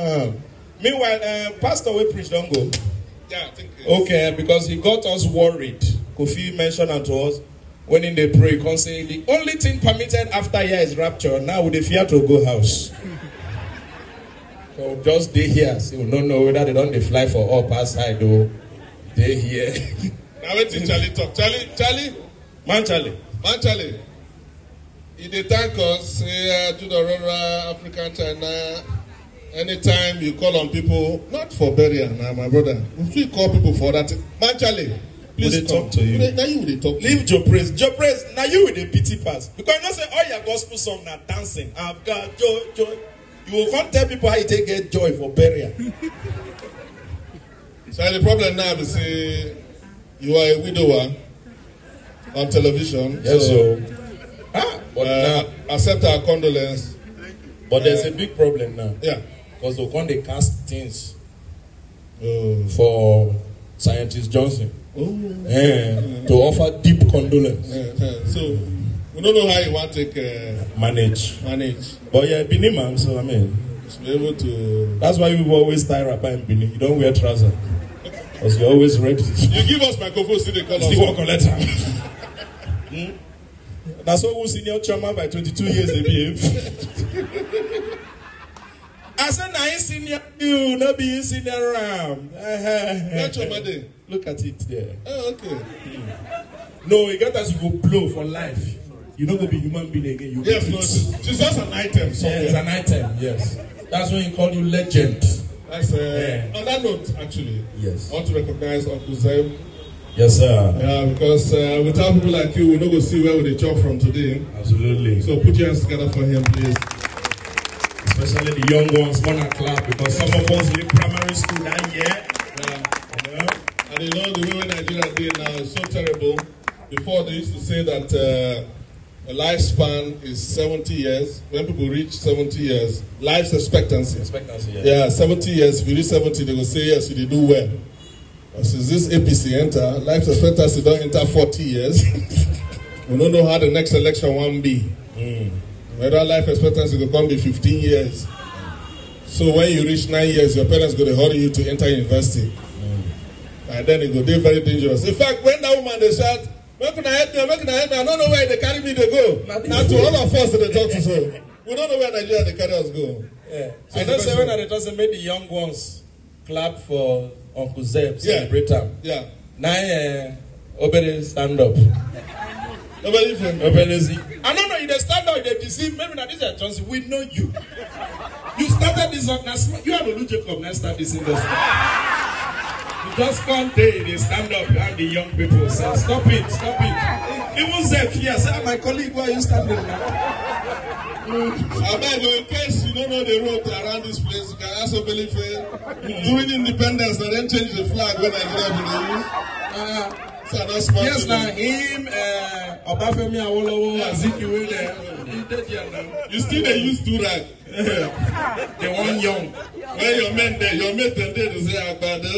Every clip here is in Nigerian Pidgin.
Um, meanwhile, uh, Pastor we preach don't go. Yeah, I think. Okay, because he got us worried. Kofi mentioned unto us when in the pray, can say the only thing permitted after here is rapture. Now would they fear to go house? so just stay here. So no, don't know whether they don't they fly for up outside though. They here. now wait till Charlie talk. Charlie, Charlie, man, Charlie, man, Charlie. He they thank us here uh, to the rural African China. Anytime you call on people, not for burial now, my brother. If you call people for that, Manchale, please come. talk to you. Now you will talk. Leave your praise. Your praise. Now you will the pity pass because you know say all your gospel song now dancing. I've got joy, joy. You will come tell people how you take get joy for burial. so the problem now is say eh, you are a widower on television. Yes, so. so. Uh, ah, but uh, now, accept our condolence. But there's uh, a big problem now. Yeah because they come dey cast things oh. for scientist Johnson oh. eh, yeah. to offer deep condolence. Yeah, yeah. so we no know how you wan take uh, manage. manage but you yeah, Benin man so I mean. be able to. that's why people always tie wrapper in Benin you don wear trouser because you always ready. you give us microphone still dey call us. still work on letter. hmm? na so who senior chairman by twenty-two years dey behave. I said, now nah, senior you, not be senior ram. That's your mother. Look at it there. Oh, okay. Hmm. No, you got us you go blow for life. You not go be human being again. You yes, no, she's, just an item. Somewhere. Yeah, it's an item, yes. That's why he call you legend. That's uh, yeah. on that note, actually. Yes. I want to recognize Uncle Zayim. Yes, sir. Yeah, because uh, without people like you, we not go see where we chop from today. Absolutely. So put your hands together for him, please. especially the young ones, wanna clap because some of us leave primary school that year. Yeah. And you know, the way Nigeria did now is so terrible. Before they used to say that uh, a lifespan is 70 years. When people reach 70 years, life expectancy. Expectancy, yeah. yeah. 70 years. If you reach 70, they will say, yes, you did do well. But since this APC enter, life expectancy don't enter 40 years. we don't know how the next election will be. Mm. Whether life expectancy could come be fifteen years. So when you reach nine years, your parents go to hurry you to enter university. Mm. And then it go dey very dangerous. In fact, when that woman dey shout, make una help me, make una help me, I no know where they carry me dey go. Na to all of us dey talk to so. Oh. We no know where Nigeria dey carry us go. Yeah. So I don say when I dey talk say make the young ones clap for Uncle Zeb, celebrate yeah. am. Yeah. Na eh, obere stand up. Obere ifeanyi. Obere zi. I no know dey stand up dey deceive maybe na this your chance we know you you started this up na small you and olu jacob na start this industry you just come dey dey stand up and the young people say so stop it stop it even zef here say ah, my colleague why you standing na. Mm. abeg in case you no know the road around this place you can ask obelife during independence na dem change the flag wey nigeria bin dey use. Yes, now him, uh, Obafemi Awolowo, Azikiwe there. You still they use Durag. the one young. Where your men there, your mate there, they say, Agbada.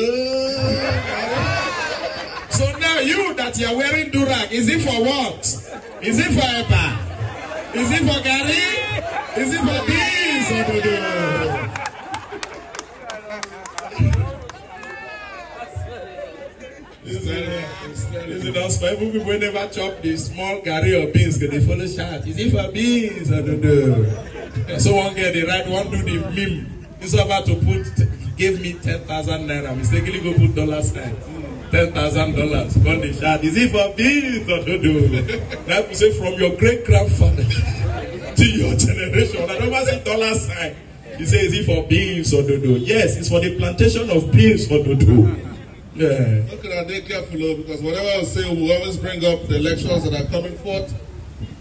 So now you that you are wearing Durag, is it for what? Is it for Eba? Is it for Gary? Is it for this? Is it, is it us Bible people never chop the small curry or beans because they follow chat. Is it for beans? I don't know. So one guy, they write one do the meme. He's about to put, gave me 10,000 naira. Mistakenly go put dollar sign. $10,000. When the chat. is it for beans? I don't know. That say from your great grandfather to your generation. I never see dollar sign. He says, is it for beans or dodo? Yes, it's for the plantation of beans or dodo. Yeah. Look at they careful because whatever I say, we always bring up the elections that are coming forth.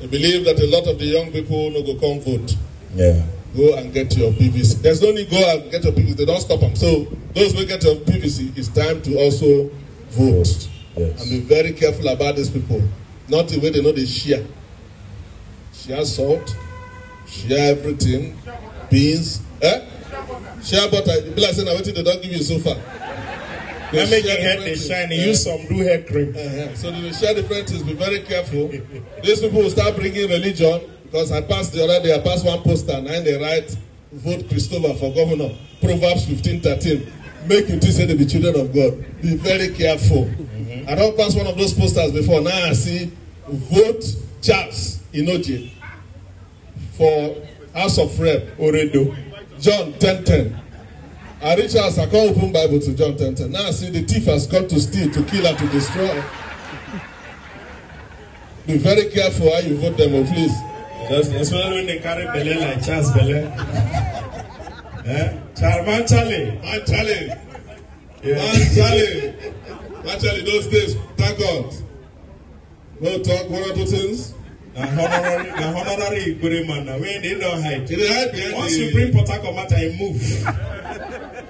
We believe that a lot of the young people no go come vote. Yeah. Go and get your PVC. There's no need go and get your PVC. They don't stop them. So those who get your PVC, it's time to also vote. Yes. And be very careful about these people. Not the way they know they share. Share salt, share everything, beans, eh? Share butter. People are saying, I'm waiting, they don't give you so far. They're making hair they shiny. Use some blue hair cream. Uh -huh. So they share the things. Be very careful. These people will start bringing religion because I passed the other day. I passed one poster and they write, "Vote Christopher for governor." Proverbs fifteen thirteen. Make you think say they be children of God. Be very careful. Mm -hmm. I don't pass one of those posters before. Now I see, vote Charles Inoje for House of Rep Oredo. John ten ten. I reach out, I can't open Bible to John 10, 10. Now I see the thief has come to steal, to kill, and to destroy. Be very careful how you vote them, oh, please. Just especially when they carry belly like Charles Belly. eh? Charman Charlie. Man Charlie. Man Charlie. Man Charlie, those days, thank God. No talk, one or two things. The honorary na honorary igwe man na wey dey don hide once you bring port harcourt matter e move.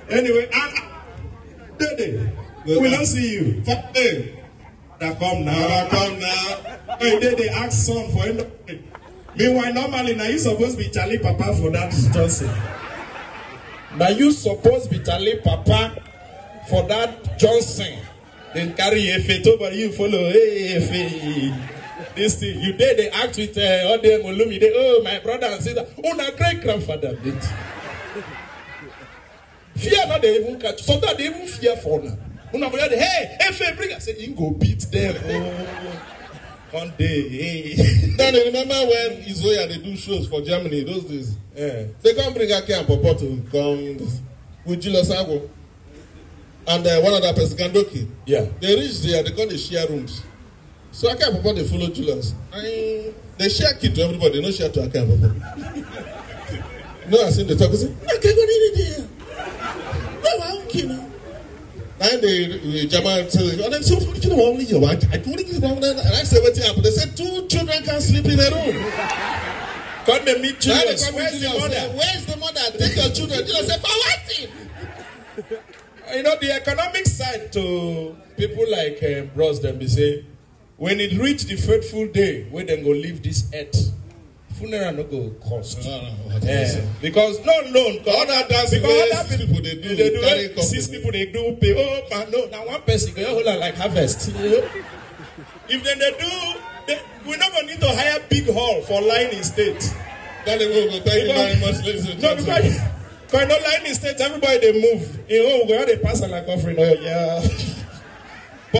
Anyway, and ah, ah. Dede, we don't see you. Fuck them. Now come now. Now come now. Hey, Dede, ask son for anybody. Meanwhile, normally, now you supposed to be Charlie Papa for that Johnson. Now you supposed to be Charlie Papa for that Johnson. Then carry a Efe, but you follow. Hey, This thing, you did, they act with uh, all them Olumi. They, oh, my brother and sister. Oh, na great grandfather. Fear not they even catch. Sometimes they even fear for now. When I'm ready, hey, if bring I say you go beat them. Oh, one day, hey. Then I remember when Israel they do shows for Germany those days. Yeah. They come bring Ake and Popo to come with Julius Ago. And uh, one other person, Gandoki. Yeah. They reach there, they got the share rooms. So Ake and Popo they follow Julius. I, they share key to everybody, they no share to Ake and Popo. no, I seen the talk. I say, Ake, go need it there kí ni báyìí ni jama says ọ̀nà tí wọ́n kí ni wọ́n ní yẹ̀wò àjọyọ̀ kí ni wọ́n ní and I say wetin happen they say two children can sleep in a room. come dey meet children where is the mother where is the mother take your children Jesus say for wetin. you know the economic side to people like uh, bros dem be say when it reach the fateful day wey dem go leave this earth funeral no go cost. No, no, yeah. because no loan. No, other dance because other people dey do dey do wey six people dey do pay oh man no na one person go hold am like harvest. if dem dey do they, we no go need to hire big hall for line estate. that dey go go thank you very much ladies no because because no line estate everybody dey move im we go how dey pass am like offering oil. Oh, yeah.